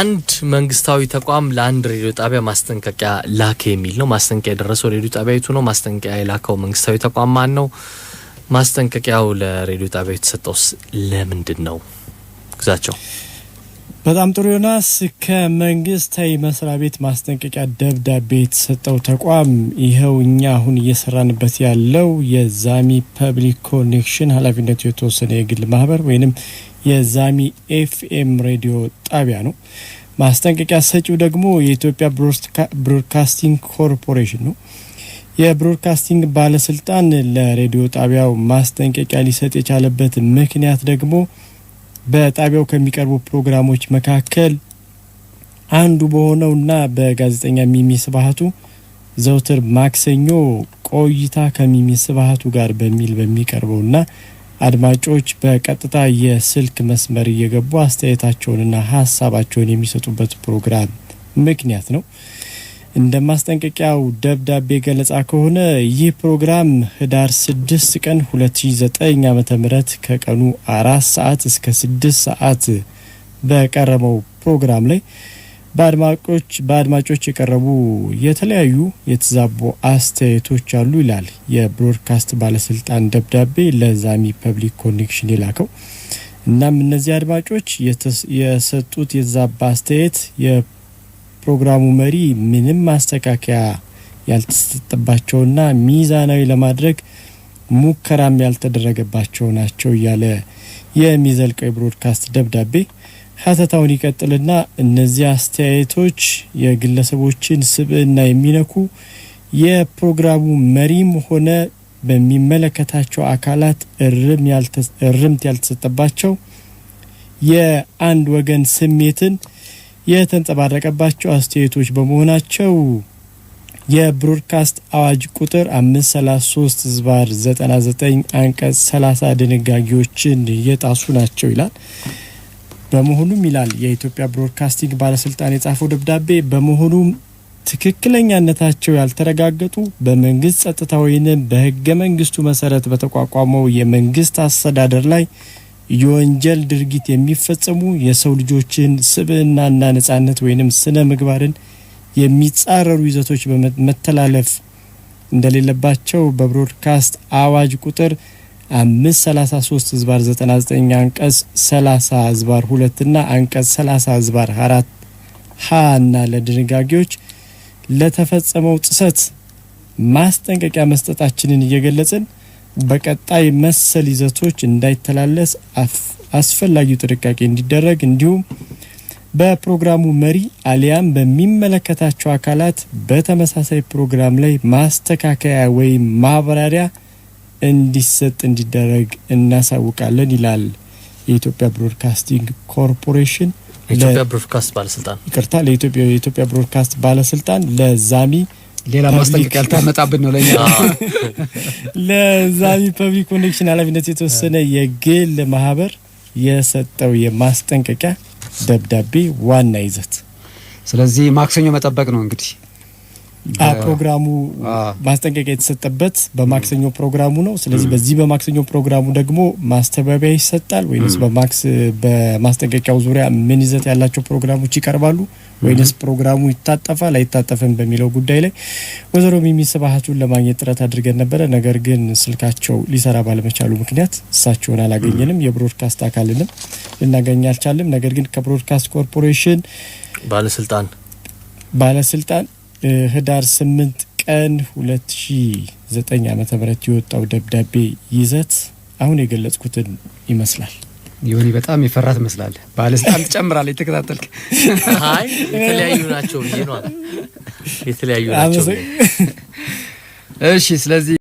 አንድ መንግስታዊ ተቋም ለአንድ ሬዲዮ ጣቢያ ማስጠንቀቂያ ላከ የሚል ነው። ማስጠንቀቂያ የደረሰው ሬዲዮ ጣቢያ የቱ ነው? ማስጠንቀቂያ የላከው መንግስታዊ ተቋም ማን ነው? ማስጠንቀቂያው ለሬዲዮ ጣቢያ የተሰጠውስ ለምንድን ነው? ግዛቸው በጣም ጥሩ ዮናስ። ከመንግስታዊ መስሪያ ቤት ማስጠንቀቂያ ደብዳቤ የተሰጠው ተቋም ይኸው እኛ አሁን እየሰራንበት ያለው የዛሚ ፐብሊክ ኮኔክሽን ኃላፊነቱ የተወሰነ የግል ማህበር ወይንም የዛሚ ኤፍኤም ሬዲዮ ጣቢያ ነው። ማስጠንቀቂያ ሰጪው ደግሞ የኢትዮጵያ ብሮድካስቲንግ ኮርፖሬሽን ነው። የብሮድካስቲንግ ባለስልጣን ለሬዲዮ ጣቢያው ማስጠንቀቂያ ሊሰጥ የቻለበት ምክንያት ደግሞ በጣቢያው ከሚቀርቡ ፕሮግራሞች መካከል አንዱ በሆነውና በጋዜጠኛ ሚሚ ስብሀቱ ዘውትር ማክሰኞ ቆይታ ከሚሚ ስብሀቱ ጋር በሚል በሚቀርበውና አድማጮች በቀጥታ የስልክ መስመር እየገቡ አስተያየታቸውንና ሀሳባቸውን የሚሰጡበት ፕሮግራም ምክንያት ነው። እንደ ማስጠንቀቂያው ደብዳቤ ገለጻ ከሆነ ይህ ፕሮግራም ህዳር 6 ቀን 2009 ዓ.ም ከቀኑ አራት ሰዓት እስከ ስድስት ሰዓት በቀረበው ፕሮግራም ላይ በአድማጮች በአድማጮች የቀረቡ የተለያዩ የተዛቦ አስተያየቶች አሉ ይላል የብሮድካስት ባለስልጣን ደብዳቤ ለዛሚ ፐብሊክ ኮኔክሽን የላከው። እናም እነዚህ አድማጮች የሰጡት የተዛባ አስተያየት የፕሮግራሙ መሪ ምንም ማስተካከያ ያልተሰጠባቸውና ሚዛናዊ ለማድረግ ሙከራም ያልተደረገባቸው ናቸው እያለ የሚዘልቀው የብሮድካስት ደብዳቤ ሀተታውን ይቀጥልና እነዚህ አስተያየቶች የግለሰቦችን ስብዕና የሚነኩ የፕሮግራሙ መሪም ሆነ በሚመለከታቸው አካላት እርምት ያልተሰጠባቸው የአንድ ወገን ስሜትን የተንጸባረቀባቸው አስተያየቶች በመሆናቸው የብሮድካስት አዋጅ ቁጥር 533 ዝባር 99 አንቀጽ 30 ድንጋጌዎችን የጣሱ ናቸው ይላል። በመሆኑም ይላል የኢትዮጵያ ብሮድካስቲንግ ባለስልጣን የጻፈው ደብዳቤ በመሆኑም ትክክለኛነታቸው ያልተረጋገጡ በመንግስት ጸጥታ ወይንም በህገ መንግስቱ መሰረት በተቋቋመው የመንግስት አስተዳደር ላይ የወንጀል ድርጊት የሚፈጸሙ የሰው ልጆችን ስብዕናና ነጻነት ወይንም ስነ ምግባርን የሚጻረሩ ይዘቶች መተላለፍ እንደሌለባቸው በብሮድካስት አዋጅ ቁጥር አምስት 33 ህዝባር 99 አንቀጽ 30 ህዝባር 2 ና አንቀጽ 30 ህዝባር 4 ሀ ለድንጋጌዎች ለተፈጸመው ጥሰት ማስጠንቀቂያ መስጠታችንን እየገለጽን በቀጣይ መሰል ይዘቶች እንዳይተላለስ አስፈላጊው ጥንቃቄ እንዲደረግ እንዲሁም በፕሮግራሙ መሪ አሊያም በሚመለከታቸው አካላት በተመሳሳይ ፕሮግራም ላይ ማስተካከያ ወይም ማብራሪያ እንዲሰጥ እንዲደረግ እናሳውቃለን ይላል የኢትዮጵያ ብሮድካስቲንግ ኮርፖሬሽን ኢትዮጵያ ብሮድካስት ባለስልጣን ይቅርታ፣ የኢትዮጵያ ብሮድካስት ባለስልጣን ለዛሚ ሌላ ማስጠንቀቂያ ያልታመጣብን ነው ለኛ ለዛሚ ፐብሊክ ኮኔክሽን ኃላፊነት የተወሰነ የግል ማህበር የሰጠው የማስጠንቀቂያ ደብዳቤ ዋና ይዘት። ስለዚህ ማክሰኞ መጠበቅ ነው እንግዲህ ፕሮግራሙ ማስጠንቀቂያ የተሰጠበት በማክሰኞ ፕሮግራሙ ነው። ስለዚህ በዚህ በማክሰኞ ፕሮግራሙ ደግሞ ማስተባበያ ይሰጣል ወይስ በማክስ በማስጠንቀቂያው ዙሪያ ምን ይዘት ያላቸው ፕሮግራሞች ይቀርባሉ ወይስ ፕሮግራሙ ይታጠፋል አይታጠፍም በሚለው ጉዳይ ላይ ወይዘሮ ሚሚ ስብሀቱን ለማግኘት ጥረት አድርገን ነበረ። ነገር ግን ስልካቸው ሊሰራ ባለመቻሉ ምክንያት እሳቸውን አላገኘንም። የብሮድካስት አካልንም ልናገኝ አልቻልም። ነገር ግን ከብሮድካስት ኮርፖሬሽን ባለስልጣን ባለስልጣን ህዳር 8 ቀን 2009 ዓ.ም የወጣው ደብዳቤ ይዘት አሁን የገለጽኩትን ይመስላል። ይሁን በጣም የፈራ ትመስላለህ። ባለስልጣን ትጨምራለህ። የተከታተልክ አይ የተለያዩ ናቸው ብዬ ነው። የተለያዩ ናቸው። እሺ፣ ስለዚህ